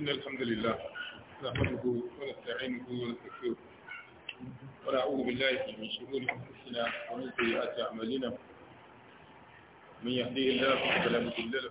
إن الحمد لله نحمده ونستعينه ونستغفره ونعوذ بالله من شرور أنفسنا ومن سيئات أعمالنا من يهديه الله فلا مضل له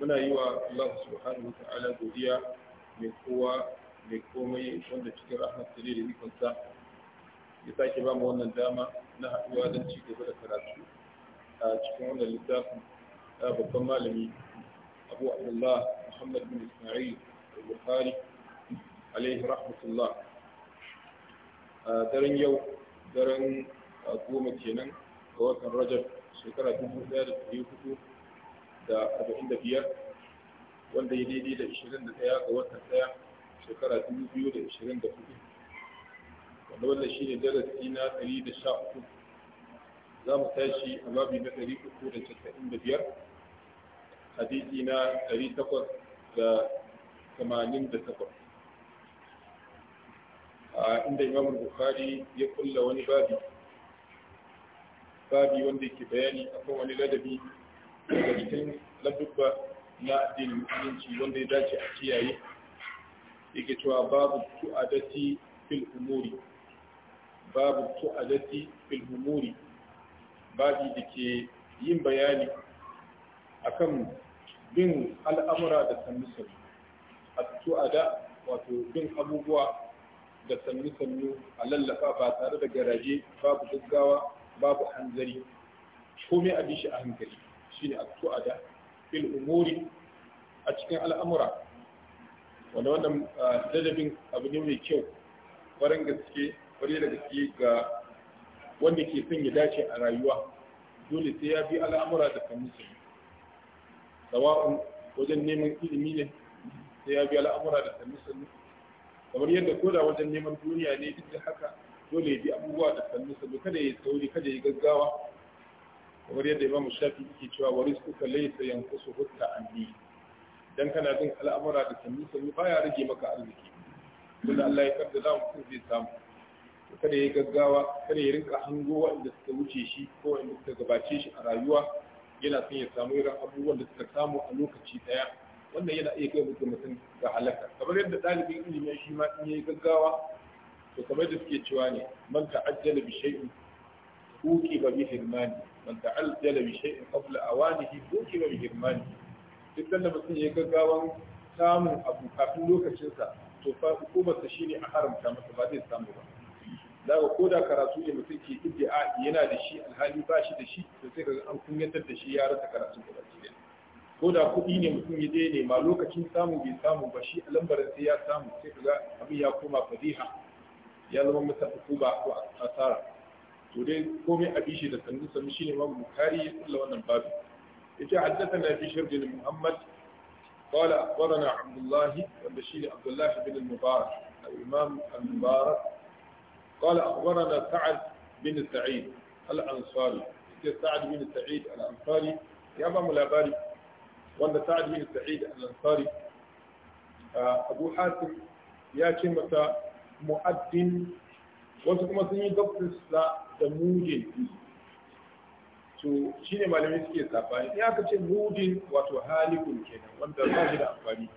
muna yi wa Allah subhanahu wa ta'ala godiya mai kowa mai komai wanda cikin rahmat ta da ikonsa ya sake ba mu wannan dama na haɗuwa don ci gaba da karatu a cikin wannan littafin babban malami abu abdullah muhammad bin isma'il al-bukhari alaihi rahmatullah a daren yau daren goma kenan ga watan rajab shekara dubu da arba'in da biyar wanda ya daidai da ishirin da ɗaya ga watan ɗaya shekara dubu biyu da ishirin da hudu wanda wannan shi ne darasi na ɗari da sha uku za mu tashi a babi na ɗari uku da biyar hadisi na ɗari takwas da tamanin da takwas a inda imam bukhari ya kulla wani babi babi wanda ke bayani akan wani ladabi daga cikin ladubba na addinin musulunci wanda ya dace a kiyaye yake cewa babu tu'adati fil umuri babu tu'adati fil umuri babi da ke yin bayani akan bin al'amura da sannu-sannu a tu'ada wato bin abubuwa da sannu-sannu a lallafa ba tare da garaje babu gaggawa babu hanzari komai a bishi a hankali shine as da fil umuri a cikin al'amura wanda wannan ah, ladabin abu ne mai kyau farin gaske kwarai da gaske ga wanda ke son ya dace a rayuwa dole sai ya bi al'amura da kamusa sawa'un wajen neman ilimi ne sai ya bi al'amura da kamusa ne kamar yadda koda wajen neman duniya ne duk da haka dole ya bi abubuwa da kamusa musulmi kada ya sauri kada ya gaggawa kamar yadda imamu shafi yake cewa wa rizquka laysa yanqusu hutta anni dan kana jin al'amura da sanni sanni baya rage maka arziki wanda Allah ya kaddara mutum zai samu kada ya gaggawa kada ya rinka hango waɗanda suka wuce shi ko waɗanda suka gabace shi a rayuwa yana son ya samu irin abubuwan da suka samu a lokaci ɗaya wannan yana iya kai mutum mutum ga halaka kamar yadda ɗalibin ilimi shi ma in yayi gaggawa to kamar da suke cewa ne man ta'ajjala bi shay'in uki ba bi hirmani man ta'aljala bi shay'in qabla awanihi bi duk sanda mutum ya gaggawan samun abu kafin lokacinsa to fa hukumarsa shine a haramta masa ba zai samu ba za koda karatu ne mutum ke iddia yana da shi alhali ba shi da shi to sai ka an kunyatar da shi ya rasa karatu da baki ko da kuɗi ne mutum ya daina ma lokacin samu bai samu ba shi a lambarin sai ya samu sai ga abin ya koma fadiha ya zama masa hukuma ko asara to komai a bishi da sannu sannu shi ne mabu bukari ya kulla wannan babu ya ce haddasa na fi shirgi ne muhammad kwala akwara na abdullahi wanda shi ne abdullahi bin al-mubarak al-imam al-mubarak kwala akwara bin sa'id al-ansari ce sa'ad bin sa'id al ya ba mu wanda sa'ad bin sa'id al abu hasim ya ce mata mu'addin wasu kuma sun yi gabsu da mudin to shi ne malamai suke sabani in aka ce mudin wato halikun kenan wanda ba shi da amfani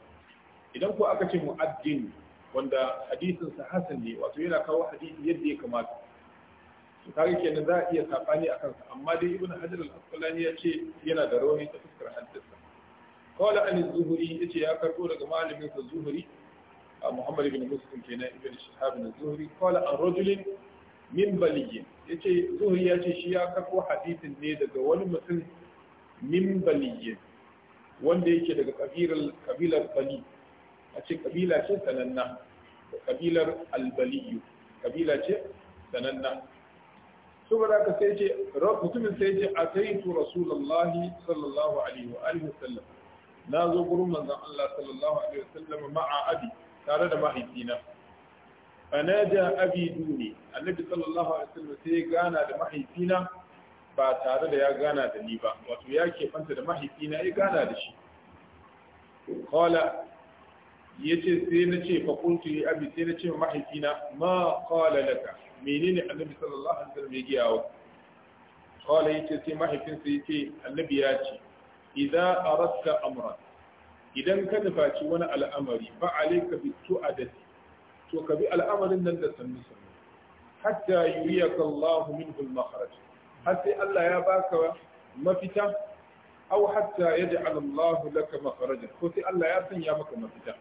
idan ko aka ce mu'addin wanda hadisin sa hasan ne wato yana kawo hadisi yadda ya kamata to kage kenan za a iya sabani akan sa amma dai ibn hajar al-asqalani ya ce yana da rauni ta fuskar haddasa qala an zuhri yace ya karbo daga malamin sa zuhri محمد بن مسلم كان ابن شهاب الزهري قال الرجل من بليين yace zuhri ya ce shi ya karbo hadisin ne daga wani mutum min baliyyin wanda yake daga kabilar kabilar bali a ce kabila ce sananna da kabilar albaliyu kabila ce sananna saboda ka sai ce mutumin sai ce yi ataitu rasulullahi sallallahu alaihi wa alihi wasallam na zo gurin manzon Allah sallallahu alaihi sallam, ma'a abi tare da mahaifina fanaja abi duni annabi sallallahu alaihi wasallam sai gana da mahaifina ba tare da ya gana da ni ba wato ya ke fanta da mahaifina ya gana da shi qala yace sai na ce fa kuntu ya abi sai na ce mahaifina ma qala laka menene annabi sallallahu alaihi wasallam ya giya wa qala yace sai mahaifinsa yace annabi ya ce idza aradta amran idan ka nufaci wani al'amari fa alayka bi tu'adati to ka bi al'amarin nan da sannu sannu hatta yuriyaka Allahu minhu al-makhraj har sai Allah ya baka mafita aw hatta yaj'al Allahu laka makhrajan ko sai Allah ya sanya maka mafita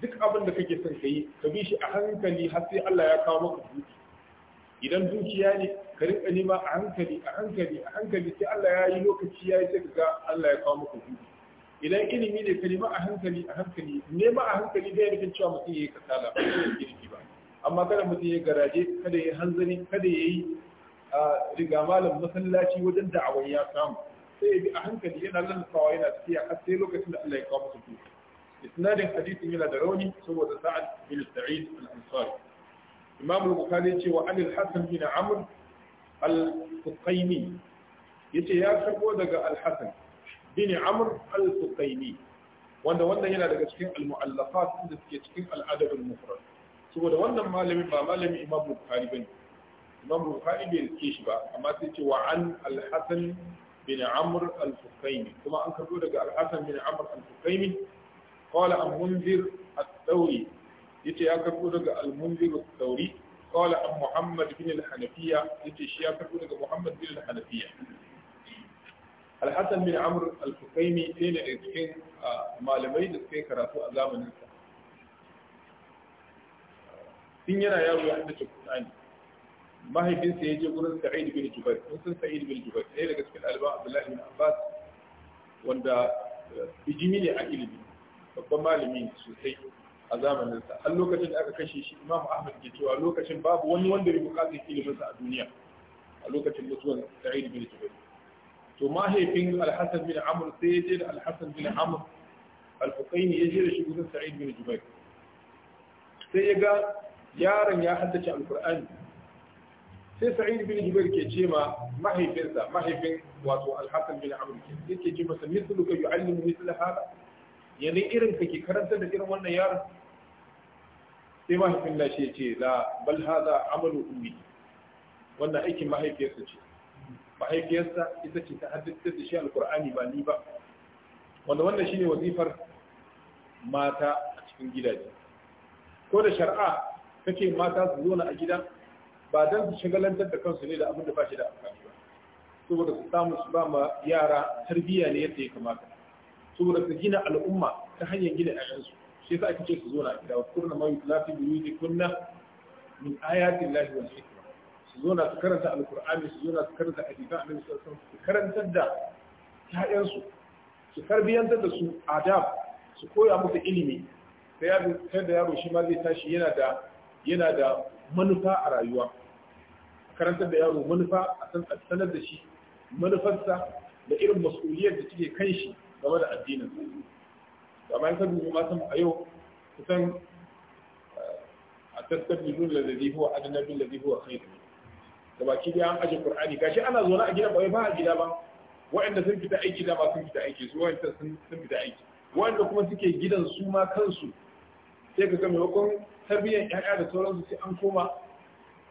duk abin da kake son ka yi ka bi shi a hankali har sai Allah ya kawo maka duki idan dukiya ne ka rinka nema a hankali a hankali a hankali sai Allah ya yi lokaci ya yi sai ka ga Allah ya kawo maka duki idan ilimi ne ka nema a hankali a hankali nema a hankali bai nufin cewa mutum ya yi kasala ba ya girki ba amma kada mutum ya garaje kada ya hanzari kada ya yi riga malam masallaci wajen da'awar ya samu sai ya bi a hankali yana lalatawa yana tafiya har sai lokacin da Allah ya kawo masa duka isnadin hadisin yana da rauni saboda sa'ad bin sa'id al-ansari imam al-bukhari ce wa anil hasan bin amr al Ya yace ya karbo daga al-hasan bin amr al-suqaini wanda wannan yana daga cikin al-mu'allafat da suke cikin al-adab al-mufrad saboda wannan malami ba malami imam bukhari bane imam bukhari bai rike shi ba amma sai ce wa an al-hasan bin amr al-suqaini kuma an karbo daga al-hasan bin amr al-suqaini qala al-munzir al-thawri yace ya karbo daga al-munzir al-thawri قال عن محمد بن الحنفية يتشيا كتبه محمد بن الحنفية alhassan bin Amur al-fukaimi ɗaya ne daga cikin malamai da suka yi karatu a zamanin sa tun yana yaro ya haddace Qur'ani mahaifinsa ya je gurin Sa'id bin Jubair mun san Sa'id bin Jubair ɗaya daga cikin alba Abdullahi bin Abbas wanda bijimi ne a ilimi babban malami sosai a zamanin sa har lokacin da aka kashe shi Imam Ahmad ke cewa lokacin babu wani wanda ya buƙatar ilimin sa a duniya a lokacin mutuwar Sa'id bin Jubair to mahaifin alhassan bin amur sai ya je da alhassan bin amur alfukaini ya je da shi gudun sa'id bin jubair sai ya ga yaron ya haddace alkur'ani sai sa'id bin jubair ke ce ma mahaifinsa mahaifin wato alhassan bin amur ke sai ke ce masa misluka yu'allimu misla hada yanzu irin ka ke karanta da irin wannan yaron sai mahaifin ya ce la bal hada amalu ummi wannan aikin mahaifiyarsa ce mahaifiyarsa ita ce ta haddata da shi alkur'ani ba ni ba wanda wannan ne wazifar mata a cikin gidaje ko da shari'a take mata su zo na a gida ba don su shagalantar da kansu ne da abin da ba shi da amfani ba saboda su samu su ba ma yara tarbiyya ne yadda ya kamata saboda su gina al'umma ta hanyar gina 'ya'yansu shi yasa ake ce su zo na a gida wa kurna mawuyi yutlafi bi kunna min ayatin lahi wal su zo na su karanta alkur'ani su zo na su karanta hadisan annabi sallallahu alaihi su karantar da ƴaƴansu su karbiyantar da su adab su koya musu ilimi sai yaro sai da yaro shi ma zai tashi yana da yana da manufa a rayuwa karantar da yaro manufa a san sanar da shi manufarsa da irin mas'uliyar da take kan shi game da addinin sa amma in ka ma san a yau kusan eh, a tattabinu da zai huwa adana bin da zai huwa khairu da baki da an aje qur'ani gashi ana zaune a gida ba ba a gida ba wa'anda sun fita aiki da ba sun fita aiki su wa'anda sun fita aiki wa'anda kuma suke gidan su ma kansu sai ka ga maimakon tarbiyyar ƴaƴa da sauransu sai an koma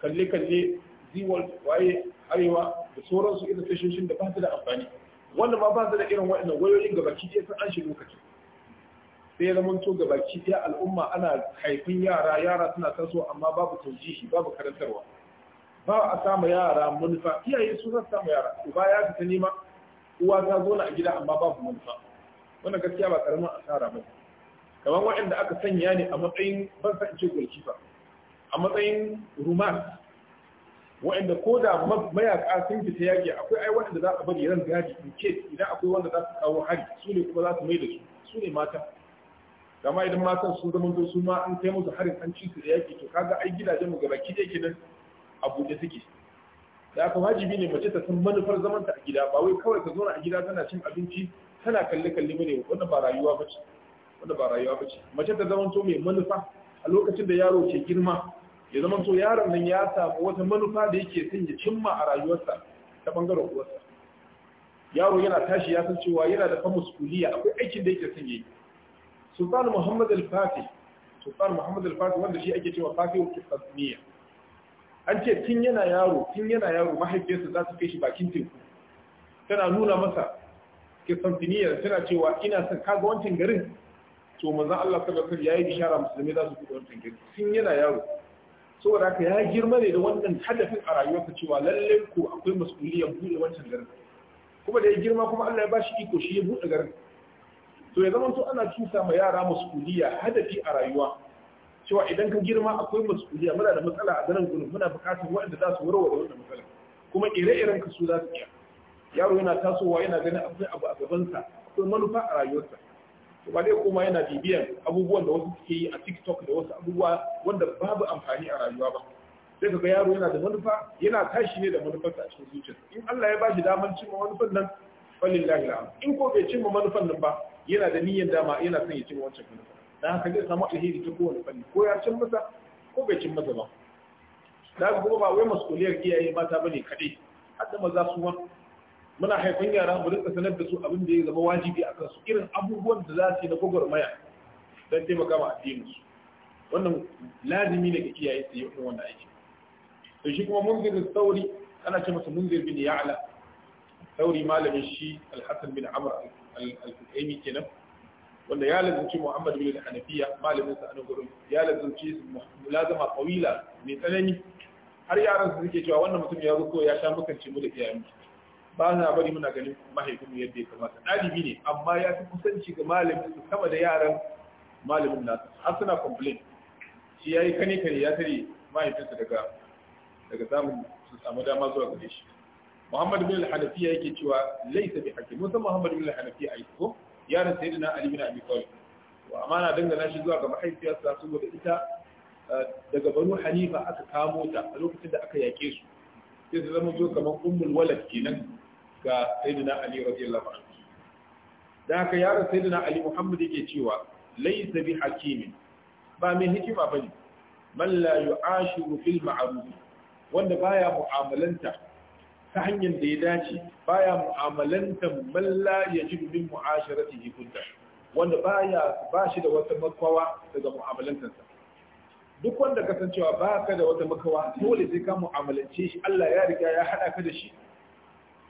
kalle kalle ziwal waye arewa da sauransu irin tashoshin da ba su da amfani wanda ma ba su da irin wa'annan wayoyin gabaki ɗaya sun an shi lokaci sai zama to baki ɗaya al'umma ana haifin yara yara suna tasowa amma babu taujihi babu karantarwa ba a samu yara manufa iyaye su za samu yara uba ya fita nema uwa ta zo a gida amma babu manufa wannan gaskiya ba karamin asara ba kamar waɗanda aka sanya ne a matsayin ban san ce kifa, a matsayin ruman waɗanda ko da mayaka sun fita yaƙi akwai ai waɗanda za a bari ran gadi in ke, idan akwai wanda za su kawo hari su ne kuma za su mai su su ne mata kama idan matan sun zama su ma an kai musu harin an ci su da yaƙi to kaga ai gidajen mu gaba ki kenan a buɗe suke da aka wajibi ne mace ta san manufar zamanta a gida ba wai kawai ka zauna a gida tana cin abinci tana kalle kalle bane wanda ba rayuwa bace wanda ba rayuwa bace mace ta zamanto mai manufa a lokacin da yaro ke girma ya zamanto yaron nan ya samu wata manufa da yake son ya cimma a rayuwarsa ta bangaren uwarsa yaro yana tashi ya san cewa yana da famus kuliya akwai aikin da yake son yi. sultan muhammad al-fatih sultan muhammad al-fatih wanda shi ake cewa fatih al-qasmiya an ce tun yana yaro tun yana yaro mahaifiyarsa za su kai shi bakin teku tana nuna masa kisantiniyar tana cewa ina son kaga wancan garin to maza Allah sabakar ya yi bishara musulmi za su kuɗa wancan garin tun yana yaro saboda haka ya girma ne da wannan hadafin a rayuwarsa cewa lallai ko akwai mas'uliyar buɗe wancan garin kuma da ya girma kuma Allah ya bashi iko shi ya buɗe garin to ya zama to ana cuta ma yara masuliya hadafi a rayuwa cewa idan ka girma akwai masuliya muna da matsala a ganin gudun muna buƙatar waɗanda za su warware wannan matsala kuma ire-iren ka su za su iya yaro yana tasowa yana ganin akwai abu a gabansa akwai manufa a rayuwarsa to ba dai kuma yana bibiyan abubuwan da wasu suke yi a TikTok da wasu abubuwa wanda babu amfani a rayuwa ba sai ka ga yaro yana da manufa yana tashi ne da manufarsa a cikin zuciyarsa in Allah ya bashi damar cimma manufar nan falillahi alhamd in ko bai cimma manufar nan ba yana da niyyar dama yana son ya cimma wancan manufa da haka zai samu alheri ta kowane fanni ko ya cin masa ko bai cin masa ba da haka kuma ba wai masuliyar iyaye mata bane kaɗai har da maza su ma muna haifan yara mu rinka sanar da su abin da ya zama wajibi a kansu irin abubuwan da za su yi na gwagwarmaya don taimaka ma addininsu wannan lazimi ne ga iyaye su yi wannan aiki to shi kuma munzir sauri ana ce masa munzir bin ya'ala. sauri malamin shi alhassan bin amr al-kukaimi kenan wanda ya lazumci Muhammad bin Hanafiya malamin sa anan gurin ya lazumci mulazama qawila mai tsanani har yaran su suke cewa wannan mutum ya zo ya sha mukanci mu da iyayen ba na bari muna ganin mahaifin mu yadda ya kamata dalibi ne amma ya fi kusanci ga malamin su sama da yaran malamin nasu. har suna complain shi yayi kane kane ya tare mahaifinsa daga daga samun su samu dama zuwa gare shi Muhammad bin Hanafiya yake cewa laisa bi hakim musan Muhammad bin Hanafiya ai ko yaron sayyidina ali bin abi talib wa amana dangana shi zuwa ga mahaifiyarsa saboda ita eh, daga banu hanifa aka kamo ta a lokacin da aka yake su sai ta zama zo kamar ummul walad kenan ga sayyidina ali radiyallahu anhu da haka yaron sayyidina ali muhammad yake cewa laysa bi hakimin ba mai hikima bane man la yu'ashiru fil ma'ruf wanda baya mu'amalanta ta hanyar da ya dace baya mu'amalantar malla ya ji min mu'asharati kunta wanda baya ba shi da wata makawa daga mu'amalantarsa duk wanda kasancewa ba ka da wata makawa dole sai ka mu'amalance shi Allah ya riga ya haɗa ka da shi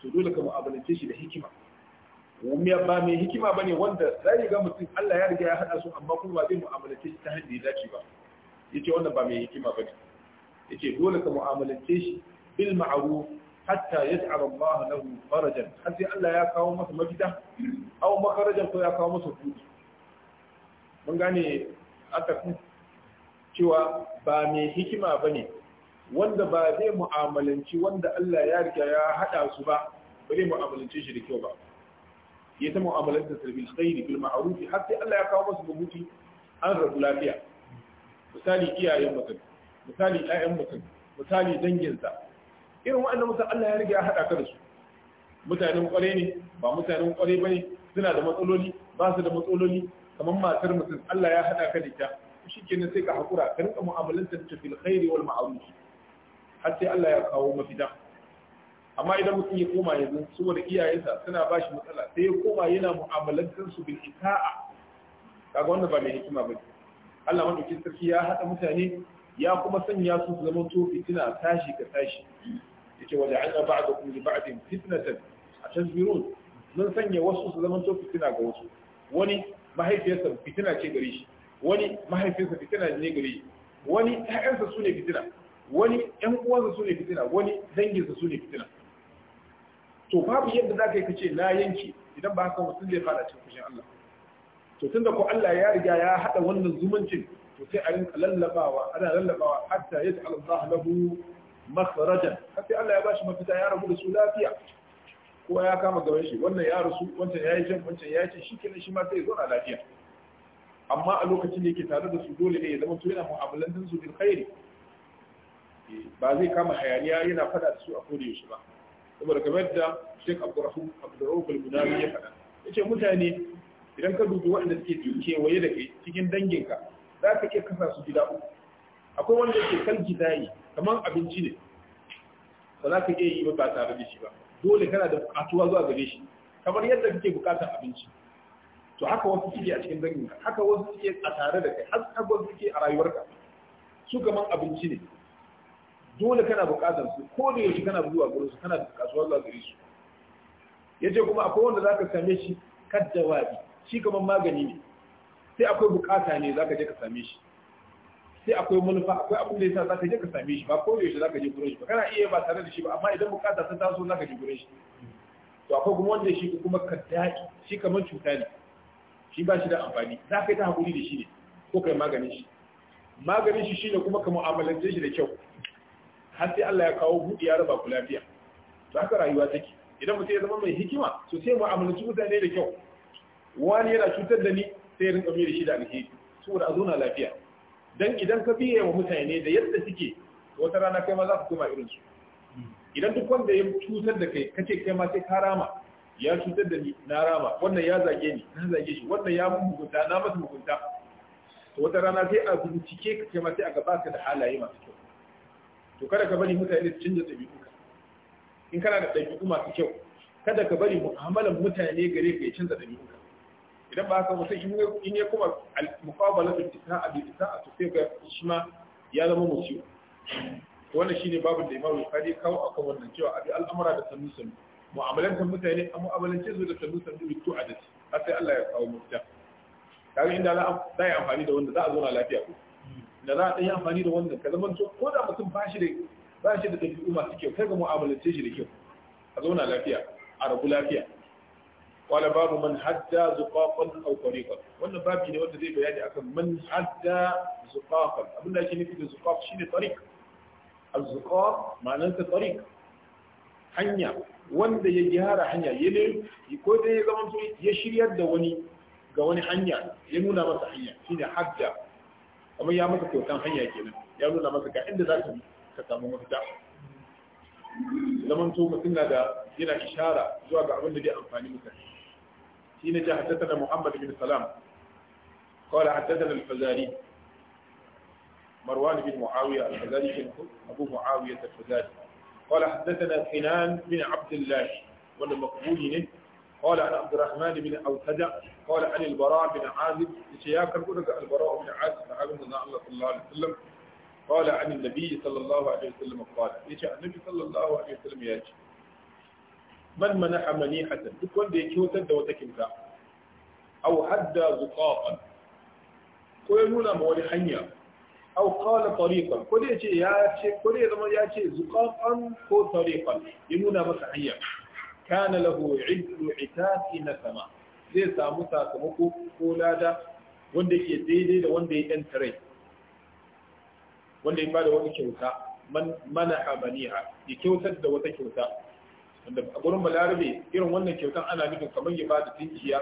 to dole ka mu'amalance shi da hikima wani ba mai hikima bane wanda zai ga mutum Allah ya riga ya haɗa su amma kuma ba zai mu'amalance shi ta hanyar da ya dace ba yace wannan ba mai hikima bane yace dole ka mu'amalance shi bil ma'ruf hatta yaj'al Allah lahu farajan har sai Allah ya kawo masa mafita aw makarajan ko ya kawo masa kuɗi mun gane aka fi cewa ba mai hikima ba ne wanda ba zai mu'amalanci wanda Allah ya riga ya haɗa su ba ba zai mu'amalanci shi da kyau ba ya ta mu'amalanta da bil khairi bil ma'ruf har sai Allah ya kawo masa mabuti an rabu lafiya misali iyayen mutum misali ƴaƴan mutum misali danginsa irin wa'annan mutum Allah ya riga ya haɗa ka da su mutanen kwarai ne ba mutanen kwarai bane suna da matsaloli ba su da matsaloli kamar matar mutum Allah ya haɗa ka da ita shi kenan sai ka haƙura ka rinka mu'amalantar ta fil khairi wal ma'ruf har sai Allah ya kawo mafita amma idan mutum ya koma yanzu saboda iyayensa suna ba shi matsala sai ya koma yana mu'amalantar su bil ita'a kaga wannan ba mai hikima ba Allah madaukin sarki ya haɗa mutane ya kuma sanya su zama to fitina tashi ka tashi yace wa ja'alna ba'dakum li ba'din fitnatan atasbirun mun sanya wasu su zaman to fitina ga wasu wani mahaifiyarsa fitina ce gare shi wani mahaifiyarsa fitina ne gare shi wani ƴaƴansa su ne fitina wani ƴan uwansa su ne fitina wani danginsa su ne fitina to babu yadda za ka yi kace na yanke idan ba haka mutum zai fada cikin fushin Allah to tunda ko Allah ya riga ya hada wannan zumuncin to sai a rinka lallabawa ana lallabawa hatta yaj'al Allah lahu makarajan haka Allah ya bashi mafita ya rabu da su lafiya kowa ya kama gaban shi wannan ya rasu wancan ya yi jan wancan ya ce shi kenan shi ma sai zauna lafiya amma a lokacin da yake tare da su dole ne ya zama to yana din su bil khairi eh, ba zai kama hayaniya yana fada da su a koda yaushe ba saboda kamar da Sheikh Abdurrahman Abdurrahman al-Munawi ya faɗa yace mutane idan ka dubi waɗanda suke waye da kai cikin danginka za ka iya kasa su gida uku akwai wanda yake kal gidayi kamar abinci ne ba za ka iya yi ba tare da shi ba dole kana da bukatuwa zuwa gare shi kamar yadda kake bukatar abinci to haka wasu suke a cikin danginka haka wasu suke a tare da kai har wasu suke a rayuwarka su kamar abinci ne dole kana bukatar su ko da yaushe kana zuwa gare su kana da kasuwa zuwa gare su yace kuma akwai wanda zaka same shi kaddawabi shi kamar magani ne sai akwai bukata ne zaka je ka same shi sai akwai manufa akwai abin da yasa za ka je ka same shi ba ko yaushe za ka je gurin shi ba kana iya ba tare da shi ba amma idan bukata ta taso za ka je gurin shi to akwai kuma wanda shi kuma ka daɗi shi kamar cuta ne shi ba shi da amfani za ka yi ta hakuri da shi ne ko kai maganin shi maganin shi shine kuma ka mu'amalance shi da kyau har sai Allah ya kawo buɗi ya raba ku lafiya to haka rayuwa take idan mutum ya zama mai hikima to sai mu'amalanci mutane da kyau wani yana cutar da ni sai ya rinka mai da shi da alheri saboda a na lafiya dan idan ka biye wa mutane da yadda suke wata rana kai ma za ka koma irin su idan duk wanda ya cutar da kai kace kai ma sai ka rama ya cutar da ni na rama wannan ya zage ni na zage shi wannan ya mun mugunta na masa mugunta to wata rana sai a bincike ka kai ma sai a gaba ka da halaye masu kyau to kada ka bari mutane su canza ɗabi'u in kana da ɗabi'u masu kyau kada ka bari mu'amalan mutane gare ka ya canza ɗabi'u idan ba haka mutum in ya kuma da isa'a a bisa a sai ga shi ma ya zama musiyo wannan shine babu da Imam Bukhari kawo akan wannan cewa abi al'amara da sannu sannu mu'amalantar mutane a mu'amalance su da sannu sanu bi tu'adati har sai Allah ya kawo mutya kaga inda za a yi amfani da wanda za a zauna lafiya ko da za a yi amfani da wanda ka zama ko da mutum ba shi da ba shi da dabi'u masu kyau kai ga mu'amalance shi da kyau a zauna lafiya a rabu lafiya qala babu man hadda zuqaqan aw tariqan wannan babu ne wanda zai bayani akan man hadda zuqaqan abin da yake nufi da zuqaq shine tariq az-zuqaq ma'anar ta tariq hanya wanda ya gyara hanya ya ko dai ya zama ya shiryar da wani ga wani hanya ya nuna masa hanya shine hadda amma ya masa kyautan hanya kenan ya nuna masa ga inda za ka bi ka samu mafita zaman to mutum na da yana ishara zuwa ga abin da zai amfani mutane حين حدثنا محمد بن سلام قال حدثنا الفزاري مروان بن معاوية الفزاري بن أبو معاوية الفزاري قال حدثنا حنان بن عبد الله ولا مقبول قال عن عبد الرحمن بن أوسد قال عن البراء بن عازب لشياك البراء بن عازب عبد الله صلى الله عليه وسلم قال عن النبي صلى الله عليه وسلم قال إيش النبي صلى الله عليه وسلم يجي man manaha manihatan duk wanda ya kyautar da wata kyauta aw hadda zuqaqan ko ya nuna ma wani hanya aw qala tariqan ko dai ce ya ce ko dai zama ya ce zuqaqan ko tariqan ya nuna masa hanya kana lahu iddu na sama zai samu sakamako ko lada wanda yake daidai da wanda ya yanta rai wanda ya bada wata kyauta man manaha maniha ya kyautar da wata kyauta wanda a gurin balarabe irin wannan kyautan ana nufin kamar ya ba da tinkiya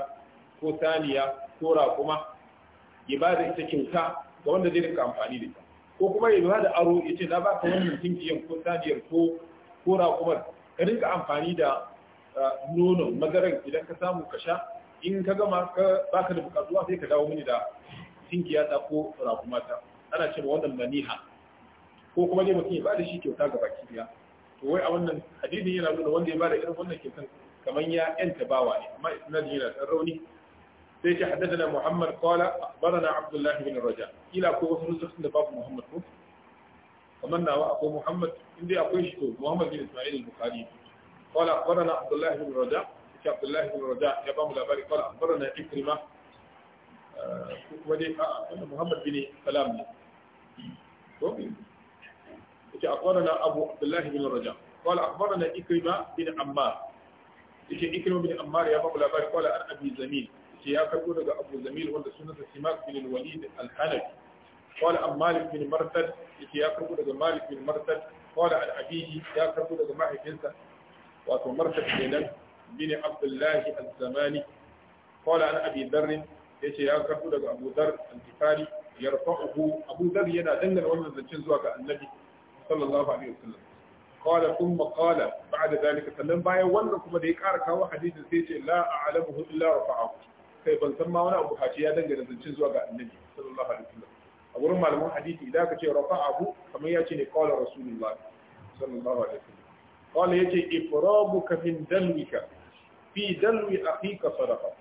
ko saniya ko raƙuma ya ba da ita kyauta ga wanda zai rinka amfani da ita ko kuma ya ba da aro ya ce na ba ka wannan tinkiyan ko saniyar ko ko raƙumar ka rinka amfani da nonon madarar idan ka samu ka sha in ka gama ka da bukatuwa sai ka dawo mini da tinkiya ta ko raƙumata ana cewa wannan maniha ko kuma dai mutum ya ba da shi kyauta ga baki ɗaya to wai a wannan hadisin yana nuna wanda ya bada irin wannan kisan kamar ya yanta bawa ne amma isnadin yana san rauni sai ce haddathana Muhammad qala akhbarana Abdullah ibn Raja ila ko wasu nusukh da babu Muhammad ko kaman nawa akwai Muhammad inda akwai shi to Muhammad bin Isma'il al-Bukhari qala akhbarana Abdullah ibn Raja ce Abdullah ibn Raja ya ba mu labari qala akhbarana Ikrimah eh, ko kuma dai a'a Muhammad bin Salam ne ce akhbarana abu abdullahi bin raja qala akhbarana ikrima bin ammar yace ikrima bin ammar ya babu labari qala an abi zamil yace ya karbo daga abu zamil wanda sunansa simak bin walid al-hanafi qala an malik bin martad yace ya karbo daga malik bin martad qala an abihi ya karbo daga mahaifinsa wato martad kenan bin abdullahi al-zamani qala an abi dharr yace ya karbo daga abu dharr al-tifari yarfa'uhu abu dharr yana dangana wannan zancen zuwa ga annabi sallallahu alaihi wasallam qala thumma qala ba'da zalika sallan bayan wannan kuma da ya ƙara kawo hadisin sai ce la a'lamuhu illa rafa'ahu Sai ban san ma wani abu hace ya dangana zancin zuwa ga annabi sallallahu alaihi wasallam a wurin malaman hadisi idan ka ce rafa'ahu kamar ya ce ne qala rasulullah sallallahu alaihi wasallam qala yace ifrabuka min dalwika fi dalwi akhika sadaqa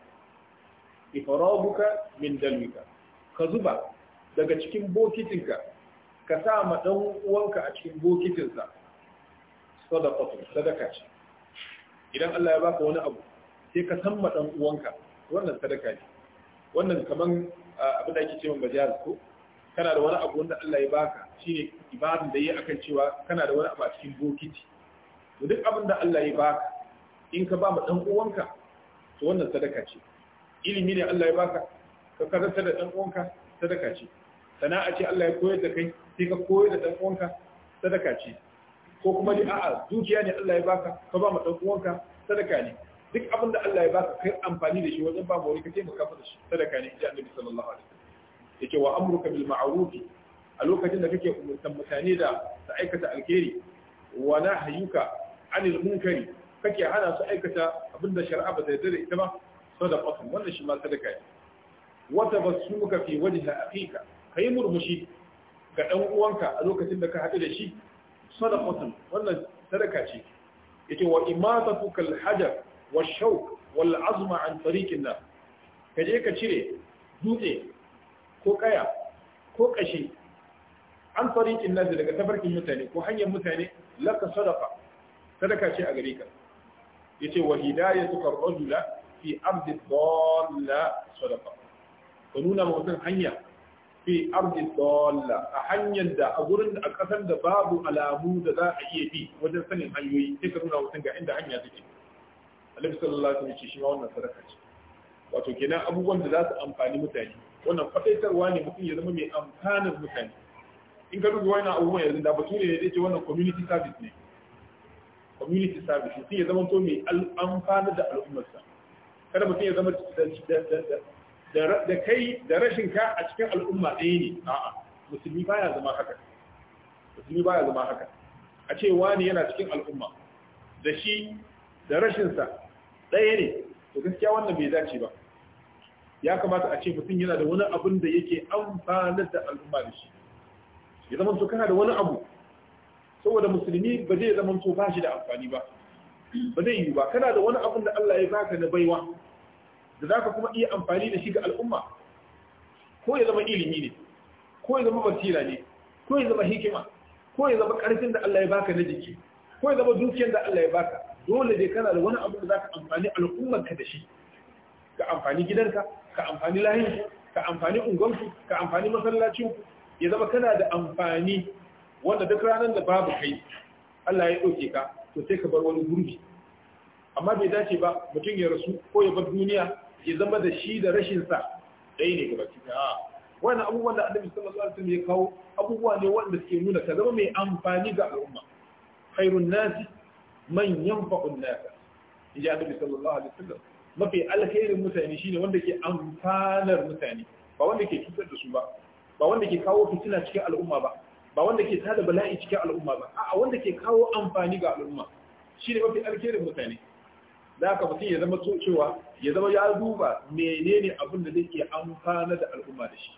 ifrabuka min dalwika ka zuba daga cikin bokitinka ka sa ma ɗan uwanka a cikin bokitinsa sadaqatu sadaka ce idan Allah ya baka wani abu sai ka san ma ɗan uwanka wannan sadaka ce. wannan kaman abin da ake cewa majaz ko kana da wani abu wanda Allah ya baka shine ibadin da yayi akan cewa kana da wani abu a cikin bokiti to duk abin da Allah ya baka in ka ba ma ɗan uwanka to wannan sadaka ce ilimi ne Allah ya baka ka karanta da ɗan uwanka sadaka ce sana'a ce Allah ya koyar da kai sai ka koyar da ɗan uwanka sadaka ce ko kuma dai a'a dukiya ne Allah ya baka ka ba mu dan uwanka sadaka ne duk abin da Allah ya baka kai amfani da shi wajen ba wani ka taimaka masa shi sadaka ne inji Annabi sallallahu alaihi wasallam yake wa amruka bil ma'ruf a lokacin da kake umurtan mutane da su aikata alheri wa nahyuka anil munkari kake hana su aikata abinda shari'a ba ta yarda da ita ba sadaqatun wannan shi ma sadaka ne wa tabassumuka fi wajhi akhika kai murmushi ga ɗan uwanka a lokacin da ka haɗu da shi sadaqatun wannan sadaka ce yace wa imatatu hajar wa shawk wal azma an tariqin nas ka je ka cire dutse ko kaya ko kashi an tariqin nas daga tafarkin mutane ko hanyar mutane laka sadaqa sadaka ce a gare ka yace wa hidayatu rajula fi ardi dhalla sadaqa ka nuna mutum hanya fi ardi dalla a hanyar da a gurin da a kasar da babu alamu da za a iya bi wajen sanin hanyoyi sai ka nuna mutum ga inda hanya take alaihi sallallahu alaihi wasallam shi ma wannan sadaka ce wato kenan abubuwan da za su amfani mutane wannan fadaitarwa ne mutum ya zama mai amfanar mutane in ka duba wannan abubuwan yanzu da bature ne ce wannan community service ne community service mutum ya zama to mai amfani da al'ummarsa kada mutum ya zama da kai da rashin ka a cikin al'umma ɗaya ne a'a musulmi baya zama haka musulmi baya zama haka a ce wani yana cikin al'umma da shi da rashin sa ɗaya ne to gaskiya wannan bai dace ba ya kamata a ce mutum yana da wani abun da yake amfanar da al'umma da shi ya zama su kana da wani abu saboda musulmi ba zai zama su ba shi da amfani ba ba zai yi ba kana da wani abun da Allah ya baka na baiwa da za ka kuma iya amfani da shi ga al'umma ko ya zama ilimi ne ko ya zama basira ne ko ya zama hikima ko ya zama ƙarfin da Allah ya baka na jiki ko ya zama dukiyar da Allah ya baka dole dai kana da wani abu da za ka amfani ka da shi ka amfani gidanka ka amfani layin ka amfani ungonku ka amfani masallacinku ya zama kana da amfani wanda duk ranar da babu kai Allah ya ɗauke ka to sai ka bar wani gurbi amma bai dace ba mutum ya rasu ko ya bar duniya ya zama da shi da rashin sa ɗaya ne gaba cikin a wannan abubuwan da annabi sallallahu alaihi wasallam ya kawo abubuwa ne wanda suke nuna ka zama mai amfani ga al'umma khairun nasi man an nasa inji annabi sallallahu alaihi wasallam mafi alkhairin mutane shine wanda ke amfanar mutane ba wanda ke cutar da su ba ba wanda ke kawo fitina cikin al'umma ba ba wanda ke tada bala'i cikin al'umma ba a'a wanda ke kawo amfani ga al'umma shine mafi alkhairin mutane da haka mutum ya zama cewa ya zama ya duba menene abin da zai ke amfana da al'umma da shi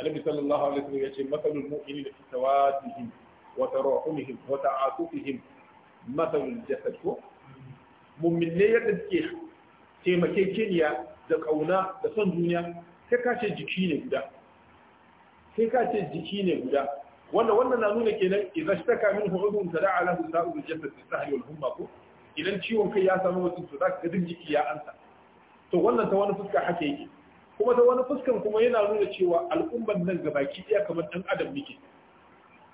alibi sallallahu alaihi wasallam ya ce masalul mu'minina da tawaddihim wa tarahumihim wa ta'atufihim masalul jasad ko mu'minne yadda suke taimakekeniya da kauna da son duniya sai ka ce jiki ne guda sai ka ce jiki ne guda wanda wannan na nuna kenan idza shtaka minhu udhun tada'a lahu sa'ul jasad da sahri wal humma ko idan ciwon kai ya samu mutum to za ka ga jiki ya ansa to wannan ta wani fuska haka yake kuma ta wani fuskan kuma yana nuna cewa al'umman nan ga baki ɗaya kamar ɗan adam muke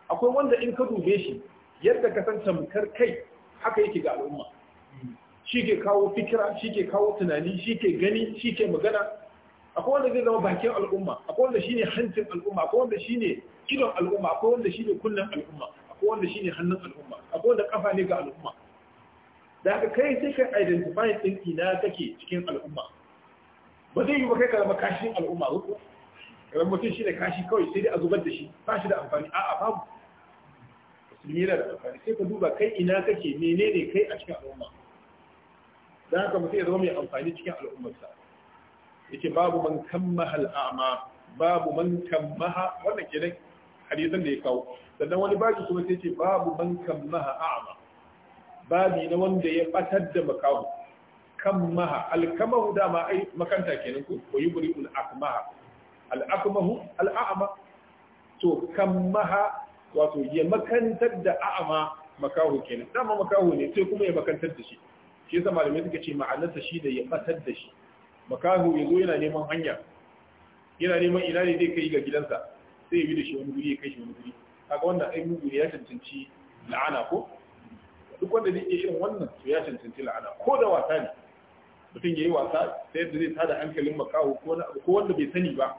akwai wanda in ka dube shi yadda ka san tamkar kai haka yake ga al'umma shi ke kawo fikira shi ke kawo tunani shi ke gani shi ke magana akwai wanda zai zama bakin al'umma akwai wanda shine hancin al'umma akwai wanda shine idon al'umma akwai wanda shine kunnen al'umma akwai wanda shine hannun al'umma akwai wanda kafa ne ga al'umma da aka kai sai ka identify ɗin ina kake cikin al'umma ba zai yi ba kai ka zama kashin al'umma ko kamar mutum shi ne kashi kawai sai dai a zubar da shi ba shi da amfani a'a babu musulmi yana da amfani sai ka duba kai ina kake menene kai a cikin al'umma da haka mutum ya zama mai amfani cikin al'ummarsa yake babu man kammaha al'ama babu man kammaha wannan kenan hadisan da ya kawo sannan wani babu kuma sai ce babu man kammaha a'ama babi na wanda ya batar da makahu kan maha alkamahu dama ai makanta kenan ko wa yubri al akmaha al akmahu al a'ma to kan maha wato ya makantar da a'ma makahu kenan dama makahu ne sai kuma ya makantar da shi shi yasa malamai suka ce ma'anarsa shi da ya batar da shi makahu ya zo yana neman hanya yana neman ina ne zai kai ga gidansa sai ya bi da shi wani guri ya kai shi wani guri kaga wannan ai mugu ya tantance la'ana ko duk wanda zai iya irin wannan to ya cancanci la'ana ko da wasa ne mutum ya yi wasa ta yadda zai tada hankalin makaho ko wanda bai sani ba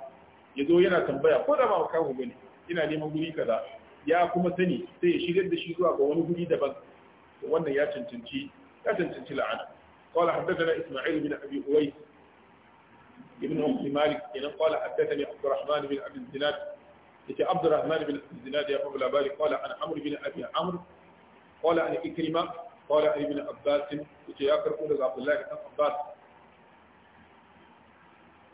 ya zo yana tambaya ko da ma makaho ba ne ina neman guri kaza ya kuma sani sai ya shigar da shi zuwa ga wani guri daban wannan ya cancanci ya cancanci la'ana قال حدثنا إسماعيل بن أبي أويس ابن أخت مالك إن قال حدثني عبد الرحمن بن أبي الزناد يتي عبد الرحمن بن أبي الزناد يا أبو العبالي قال عن عمرو بن أبي عمرو قال عن إكرمة قال عن ابن عباس يتي يكر أولد عبد الله بن عباس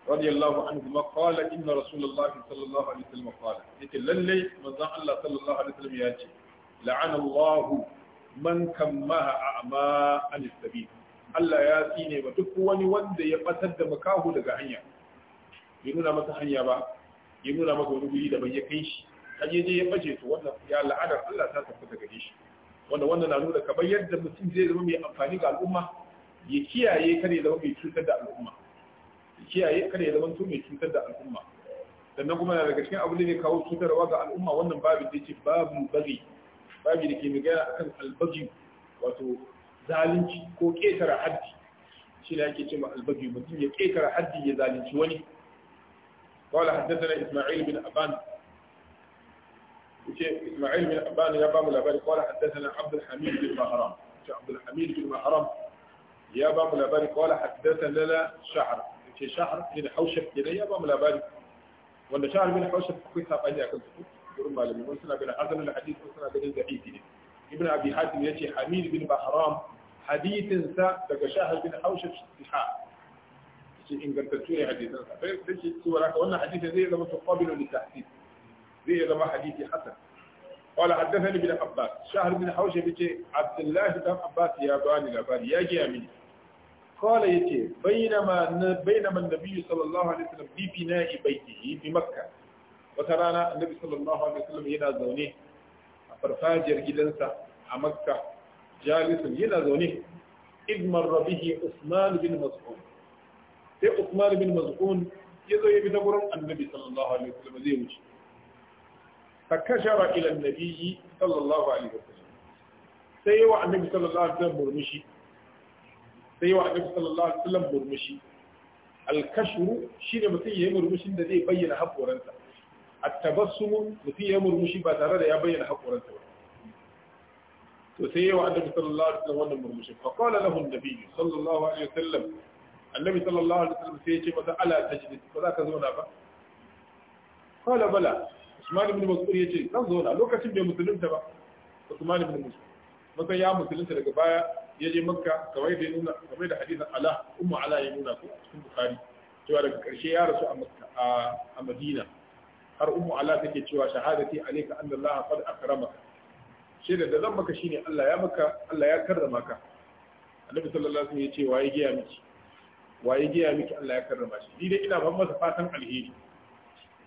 رضي الله عنهما قال إن رسول الله صلى الله عليه وسلم قال يتي للي مزع الله صلى الله عليه وسلم ياتي لعن الله man kammaha a'ma an sabil Allah ya tsine ba duk wani wanda ya batar da makahu daga hanya ya nuna masa hanya ba ya nuna masa wani guri da bai ya kai shi kaje je ya bace to wannan ya la'adar Allah ta tafi daga shi wanda wannan na nuna kamar yadda mutum zai zama mai amfani ga al'umma ya kiyaye kare ya zama mai cutar da al'umma ya kiyaye kare ya zama to mai cutar da al'umma sannan kuma na daga cikin abu da ne kawo cutarwa ga al'umma wannan babu da yake babu bagi babi da ke magana akan albagi wato zalunci ko ketara haddi shi ne ake cewa albagi mutum ya ketara haddi ya zalunci wani قال حدثنا إسماعيل بن أبان يجي إسماعيل بن أبان يا بام الأبان قال حدثنا عبد الحميد بن مهرام عبد الحميد بن مهرام يا بام الأبان قال حدثنا لنا شعر يجي شعر من حوشب كده يا بام الأبان وأن شعر من حوشب كويس أبان يأكل يقول مالي وصل بن حزم الحديث وصل بن زعيد ابن أبي حاتم يجي حميد بن مهرام حديث سا لك شاهد بن حوشب صحاح يجي إن قلت توري حديثا فيجي سورة وأن حديث زي لما تقابل للتحديث zai zama hadisi hasan قال حدثني ابن عباس شهر بن حوشب يجي عبد الله بن عباس يا باني لباني يا جامي قال يجي بينما بينما النبي صلى الله عليه وسلم في بناء بيته في مكة وترانا النبي صلى الله عليه وسلم هنا زوني فرفاجر جدنسا مكة جالس هنا زوني إذ مر به عثمان بن مسعود sai Usman bin Maz'un ya zo ya bi ta gurin Annabi sallallahu alaihi wasallam zai wuce fakashara ila nabiyyi sallallahu alaihi wasallam sai wa annabi sallallahu alaihi wasallam murmushi sai wa annabi sallallahu alaihi wasallam murmushi alkashru shine mutum yayi murmushin da zai bayyana hakoransa at-tabassumu mutum yayi murmushi ba tare da ya bayyana hakoransa ba to sai yawa annabi sallallahu alaihi wasallam wannan murmushin fa qala lahu an-nabi sallallahu alaihi wasallam annabi sallallahu alaihi wasallam sai ya ce masa ala ba za ka ba bala Usman ibn Mas'ud ya ce zan zauna lokacin bai musulunta ba Usman ibn Mas'ud maka ya musulunta daga baya ya je Makka kamar da nuna kamar da hadisin Ala ummu Ala ya nuna ko cikin Bukhari cewa daga karshe ya rasu a Makka a Madina har Umma Ala take cewa shahadati alayka anna Allah qad akramaka shaida da zan maka shine Allah ya maka Allah ya karrama ka Annabi sallallahu alaihi wasallam ya ce waye giya miki waye giya miki Allah ya karrama shi ni dai ina ban masa fatan alheri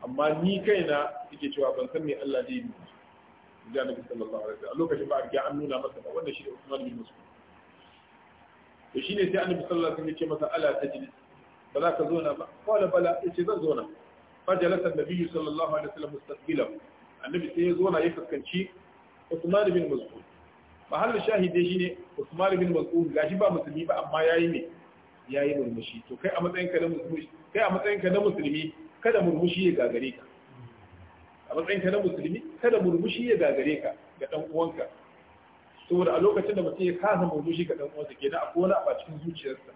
amma ni kaina yake cewa ban san me Allah zai yi ji annabi sallallahu alaihi wasallam lokacin ba ga an nuna masa wannan shi da Usman bin Mas'ud to shine sai annabi sallallahu alaihi wasallam ya ce masa ala tajlis ba za ka zauna ba qala bala yace zan zauna fa jalasa annabi sallallahu alaihi wasallam mustaqbilahu annabi sai ya zauna ya fuskanci Usman bin Mas'ud mahallin shahide shi ne bin Mas'ud gashi ba musulmi ba amma yayi ne yayi murmushi to kai a matsayin ka na musulmi kai a matsayin ka na musulmi kada murmushi ya gagare ka a matsayin ka na musulmi kada murmushi ya gagare ka ga dan uwanka saboda a lokacin da mutum ya kasa murmushi ga dan uwansa kenan a kona a cikin zuciyarsa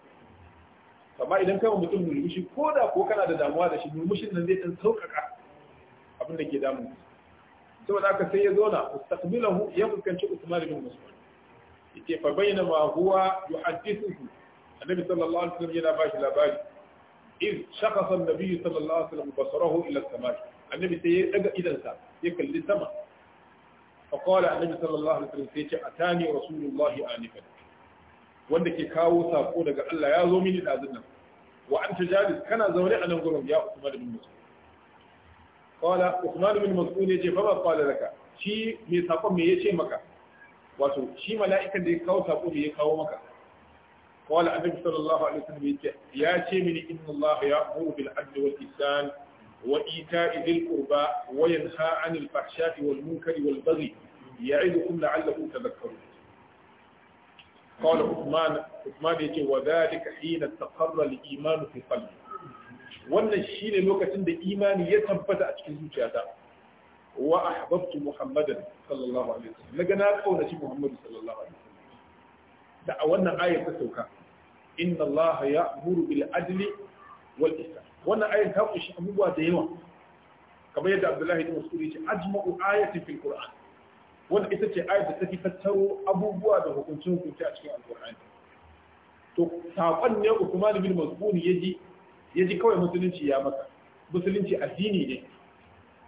amma idan kama mutum murmushi ko da ko kana da damuwa da shi murmushin nan zai dan sauƙaƙa abin da ke damun saboda haka sai ya zauna mustaqbilahu ya fuskanci Usman bin Mas'ud yake fa bainama huwa yuhaddithu annabi sallallahu alaihi wasallam yana bashi labari iz shaqasa an sallallahu alaihi wasallam basarahu ila as-sama'i annabi sai ya daga idansa ya kalli sama fa qala annabi sallallahu alaihi wasallam sai ya ce atani rasulullahi anifan wanda ke kawo sako daga Allah ya zo mini dazun nan wa anta jalis kana zaune a nan gurin ya Usman bin Mas'ud qala Usman ya ce fa ma qala laka shi me sakon me yace maka wato shi mala'ikan da ya kawo sako me ya kawo maka قال النبي صلى الله عليه وسلم يا تيمني إن الله يأمر بالعدل والإحسان وإيتاء ذي القربى وينهى عن الفحشاء والمنكر والبغي يعدكم لعلكم تذكرون قال عثمان عثمان يجي وذلك حين استقر الإيمان في قلبه وأن الشين لوكة عند إيمان يتم بدأ تكلم وأحببت محمدا صلى الله عليه وسلم لقنا قولة محمد صلى الله عليه وسلم دعونا آية تسوكا inna Allah ya'muru bil adli wal ihsan wannan ayin ta kunshi abubuwa da yawa kamar yadda Abdullahi ibn Mas'ud ya ce ajma'u ayatin fil Qur'an wannan ita ce ayat da take tattaro abubuwa da hukuncin hukunci a cikin Al-Qur'ani to saƙon ne Uthman ibn Mas'ud yaji yaji kawai musulunci ya maka musulunci addini ne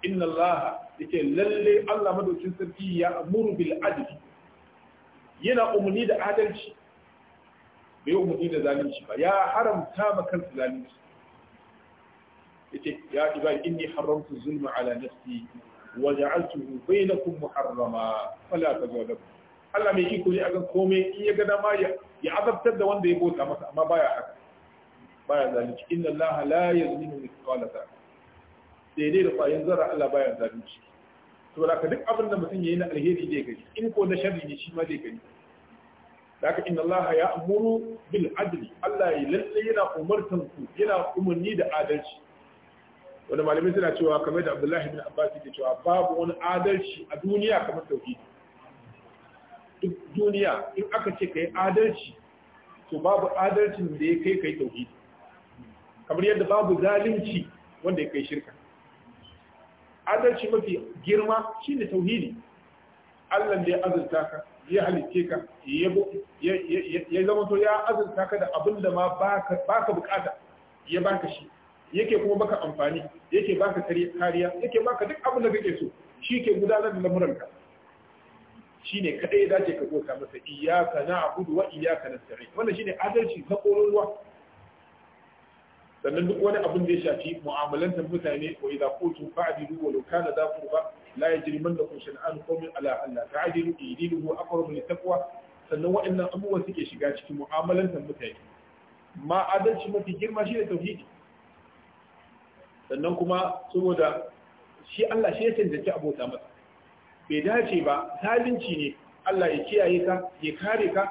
inna Allah yake lalle Allah madaukin sarki ya amuru bil adli yana umarni da adalci bai umarni da zalunci ba ya haramta ma kansa zalunci yace ya ibadi inni haramtu zulma ala nafsi wa na bainakum muharrama fala tazalamu Allah mai iko ne a kan komai in ya gada ma ya azabtar da wanda ya bota masa amma baya haka baya zalunci inna Allah la yazlimu mithqala daidai da kwayan zara Allah baya zalunci to da duk abin da mutum yi na alheri zai gani in ko na sharri ne shi ma zai gani daga inna Allah ya amuru bil adli Allah ya lalle yana umartan ku yana umarni da adalci wanda malamai suna cewa kamar da Abdullahi ibn Abbas yake cewa babu wani adalci a duniya kamar tauhidi duk duniya in aka ce kai adalci to babu adalcin da ya kai kai tauhidi kamar yadda babu zalunci wanda ya kai shirka adalci mafi girma shine tauhidi Allah ne ya azurta ka ya halitte ka ya zama to ya azurta ka da abin da ma baka bukata ya baka shi yake kuma baka amfani yake baka kariya yake baka duk abin da kake so shi ke gudanar da lamuranka ne kadai ya dace ka bauta masa iyaka na abudu wa iyaka na tsari wannan shi ne adalci na ruwa. sannan duk wani abin da ya shafi mu'amalantar mutane wa idza qultu fa'dilu wa law kana dha qurba la yajrimannakum shan'an qawmin ala alla ta'dilu idiluhu aqrabu littaqwa sannan waɗannan abubuwan suke shiga cikin mu'amalantar mutane ma adalci mafi girma shi ne tauhidi sannan kuma saboda shi Allah shi ya cancanci abota masa bai dace ba zalunci ne Allah ya kiyaye ka ya kare ka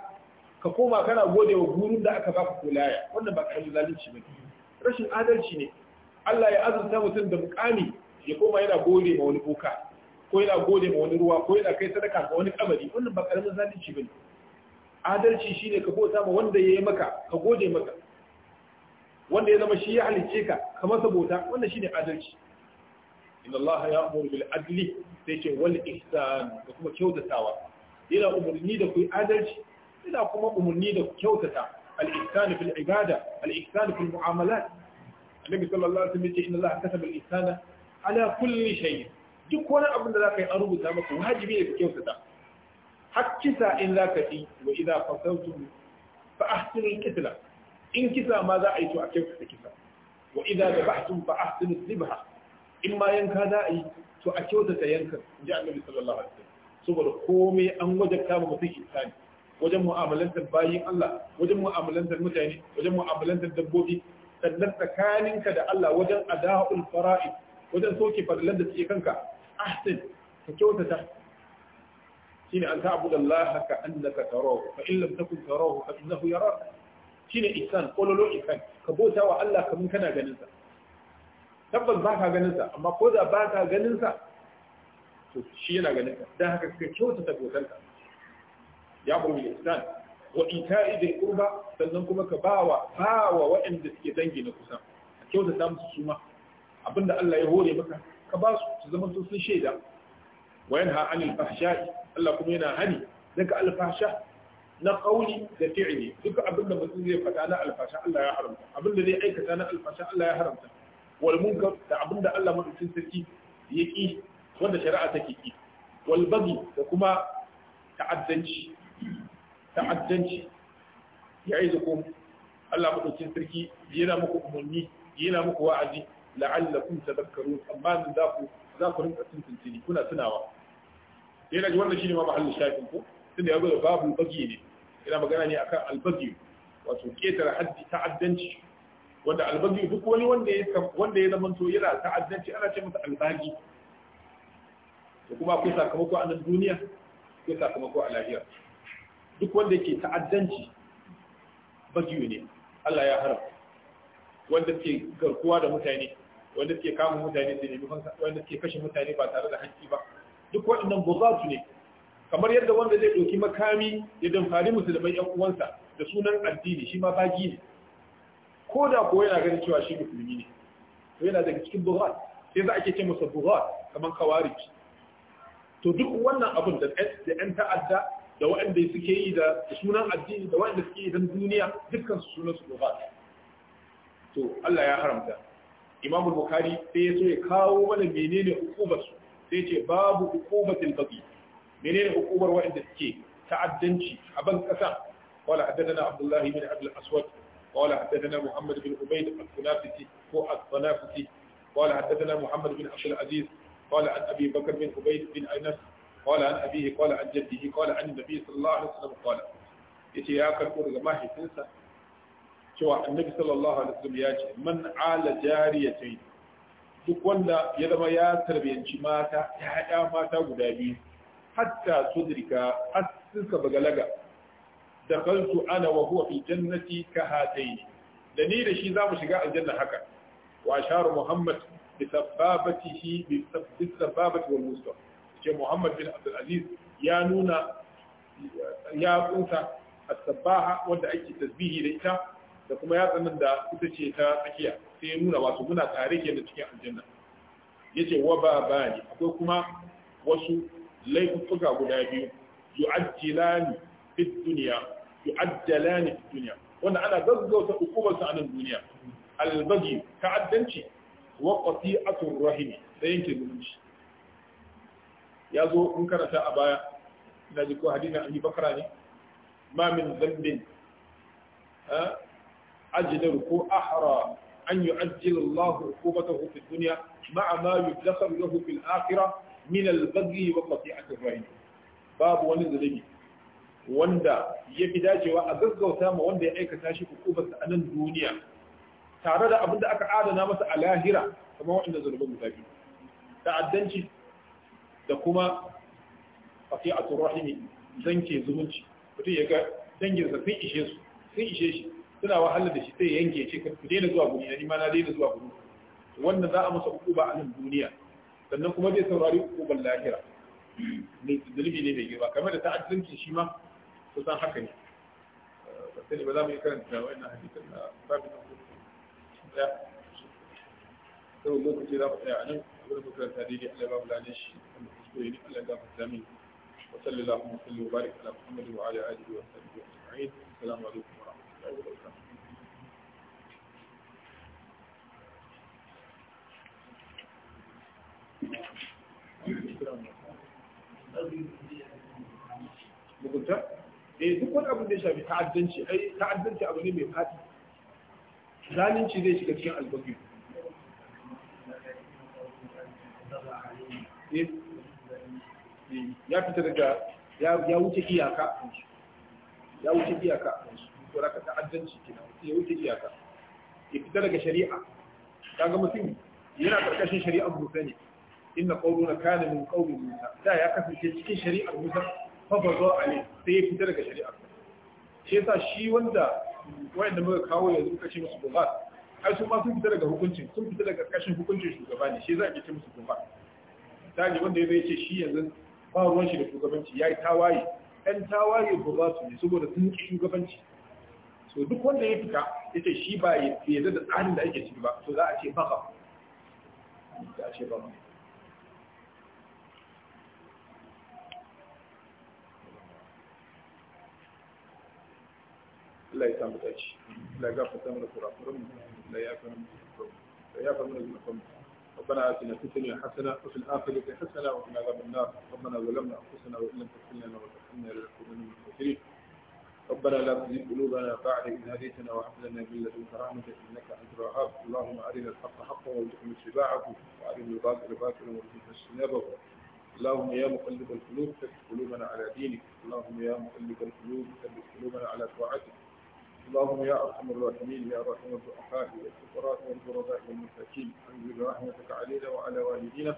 ka koma kana gode wa gurin da aka baka kulaya wannan ba karamin zalunci ba rashin adalci ne Allah ya azurta mutum da mukami ya koma yana gode ma wani boka ko yana gode ma wani ruwa ko yana kai sadaka ga wani kabari wannan ba karamin zalunci bane adalci shine ka bauta ma wanda yayi maka ka gode maka wanda ya zama shi ya halicce ka ka masa bauta wannan shine adalci inna Allah ya'muru bil adli sai ce wal ihsan da kuma kyautatawa yana umurni da ku adalci yana kuma umurni da ku kyautata al ihsan fil ibada al ihsan fil mu'amalat annabi sallallahu alaihi wasallam ya ce inna Allah kasaba al ihsana ala kulli shay duk wani abin da za ka yi an rubuta maka wajibi ne ka kyautata har kisa in za ka yi wa idza fasaltum fa ahsinu al in kisa ma za a yi to a kyautata kisa wa idza dabahtum fa ahsinu al-dhabha in ma yanka za a yi to a kyautata yankan inji annabi sallallahu alaihi wasallam saboda komai an wajabta ma mutum insani wajen mu'amalantar bayin Allah wajen mu'amalantar mutane wajen mu'amalantar dabbobi sannan tsakaninka da Allah wajen ada'ul fara'id wajen soke farilan da suke kanka ahsin ka kyautata shine an ta'budu Allah ka annaka tarahu fa in lam takun tarahu fa innahu yaraka shine ihsan kololo ihsan ka bauta wa Allah kaman kana ganin sa tabbas ba ka ganin sa amma ko da ba ka ganin sa to shi yana ganin ka dan haka ka kyautata bautar ka ya bu ihsan wa ita'i dil qurba sannan kuma ka bawa bawa waɗanda suke dangi na kusa ka kyautata musu suma abinda Allah ya hore maka ka ba su su zama sun shaida Wayan yanha anil fahsha'i Allah kuma yana hani daga alfasha na kauli da fi'ili duka abinda mutum zai faɗa na alfasha Allah ya haramta abinda zai aikata na alfasha Allah ya haramta wal munkar da abinda Allah madaukakin sarki ya ki wanda shari'a take ki wal baghi da kuma ta'addanci ta'addanci ya aizukum Allah madaukakin sarki yana muku umarni yana muku wa'azi la'allakum tadhakkarun amma min za ku za ku rinka tuntuntuni kuna tunawa sai na ji wannan shine ma mahallin shafin ku? tunda ya zo babu bagi ne ina magana ne akan albagi wato ketare haddi ta'addanci wanda albagi duk wani wanda ya wanda ya zama to yana ta'addanci ana ce masa albagi To kuma akwai sakamako a nan duniya akwai sakamako a lahira duk wanda yake ta'addanci bagiyo ne Allah ya haram wanda ke garkuwa da mutane wanda suke kama mutane su nemi fansa wanda suke kashe mutane ba tare da hanki ba duk waɗannan buzatu ne kamar yadda wanda zai ɗauki makami ya damfari musulmai yan uwansa da sunan addini shi ma bagi ne ko da kuwa yana ganin cewa shi musulmi ne to yana daga cikin buzat sai za a ke ce masa buzat kamar kawarij to duk wannan abun da da yan ta'adda da waɗanda suke yi da sunan addini da waɗanda suke yi don duniya dukkan su sunan su buzat to Allah ya haramta imam bukhari sai ya so ya kawo mana menene hukumar sai ce babu hukumatul baqi menene hukumar waɗanda suke ta'addanci a ban kasa wala haddathana Abdullahi ibn abd aswad wala haddathana muhammad bin ubayd al-funafisi ko al-funafisi wala haddathana muhammad ibn abd aziz قال عن أبي بكر bin عبيد bin أنس قال عن أبيه قال عن جده قال عن النبي صلى الله عليه وسلم قال يتي يا كركور ما cewa annabi sallallahu alaihi wasallam ya ce man ala jariyatai duk wanda ya zama ya tarbiyanci mata ya mata guda biyu hatta sudrika har suka bagalaga dakaltu ana wa huwa fi jannati ka hataini da ni da shi zamu shiga aljanna haka wa sharo muhammad bi sababatihi bi sababati wal musta ce muhammad bin abdul aziz ya nuna ya kunsa as-sabaha wanda ake tasbihi da ita da kuma yatsan nan da ita ce ta tsakiya sai ya nuna wasu muna tare ke da cikin aljanna yace wa ba bani akwai kuma wasu laifuka guda biyu yu'ajjilani fi dunya yu'ajjalani fi dunya wanda ana gaggauta hukumar sa a nan duniya albagi ta'addanci wa qati'atur rahimi da yanke zumunci ya zo in karanta a baya ina ji ko hadina abi bakra ne ma min zambin أجدر كو أحرى أن يعجل الله عقوبته في الدنيا مع ما يدخر له في الآخرة من البغي وقطيعة الرحم باب ونزلني wanda ya fi dacewa a gaggauta ma wanda ya aikata shi hukumarsa a nan duniya tare da abinda aka adana masa a lahira kamar waɗanda zunuban guda biyu ta'addanci da kuma fafi a turahimi zanke zumunci mutum ya ga danginsa sun ishe su sun ishe shi suna wahalar da shi sai yanke ce ka daina zuwa guri na ma na daina zuwa guri wannan za a masa ukuba a nan duniya sannan kuma zai saurari ukuban lahira ne zunubi ne mai girma kamar da ta'addanci shi ma kusan haka ne sai ba za mu yi karanta wa'annan hadisan na babin da sau lokaci za mu tsaya a nan wurin makaranta daidai Allah babu lane shi wanda kuskure ne Allah gafa sami wa sallallahu alaihi wa sallam wa barik ala Muhammad wa ala alihi wa sahbihi wa ajma'in assalamu alaikum mugunta eh duk wani da ya shafi ta'addanci ai ta'addanci abu ne mai fadi zalunci zai shiga cikin albagi eh, eh, ya fita daga ya wuce iyaka ya wuce iyaka a kansu to raka ta'addanci kenan mutum ya wuce iyaka ya fita daga shari'a kaga mutum yana karkashin shari'ar Musa ne inna qawluna kana min qawli Musa da ya kasance cikin shari'ar Musa fa bazo alai sai ya fita daga shari'ar shi yasa shi wanda wanda muka kawo yanzu muka ce musu bugat ai su ma sun fita daga hukuncin sun fita daga karkashin hukuncin shugaba ne shi za a ce musu bugat dani wanda ya ce shi yanzu ba ruwan shi da shugabanci ya yi tawaye ɗan tawaye bugat ne saboda sun shugabanci to duk wanda ya fita ya ce shi ba ya yarda da tsarin da ake ciki ba to za a ce baka za a ce baka Allah ya samu dace Allah ya gafarta mana kurakuran Allah ya yafa mana kurakuran Allah ya yafa mana kurakuran ربنا آتنا في الدنيا حسنة وفي الآخرة حسنة وقنا عذاب النار ربنا ظلمنا أنفسنا وإن لم تغفر لنا وترحمنا لنكونن من الخاسرين ربنا لا تزغ قلوبنا بعد إذ هديتنا وهب من لدنك رحمة إنك أنت الوهاب اللهم أرنا الحق حقا وارزقنا اتباعه وأرنا الباطل باطلا وارزقنا اجتنابه اللهم يا مقلب القلوب ثبت قلوبنا على دينك اللهم يا مقلب القلوب ثبت قلوبنا على طاعتك اللهم يا ارحم الراحمين يا ارحم الضعفاء والفقراء والغرباء والمساكين انزل رحمتك علينا وعلى والدينا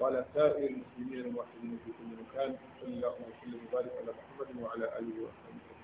وعلى سائر المسلمين الموحدين في كل مكان صلى الله وسلم وبارك على محمد وعلى اله وصحبه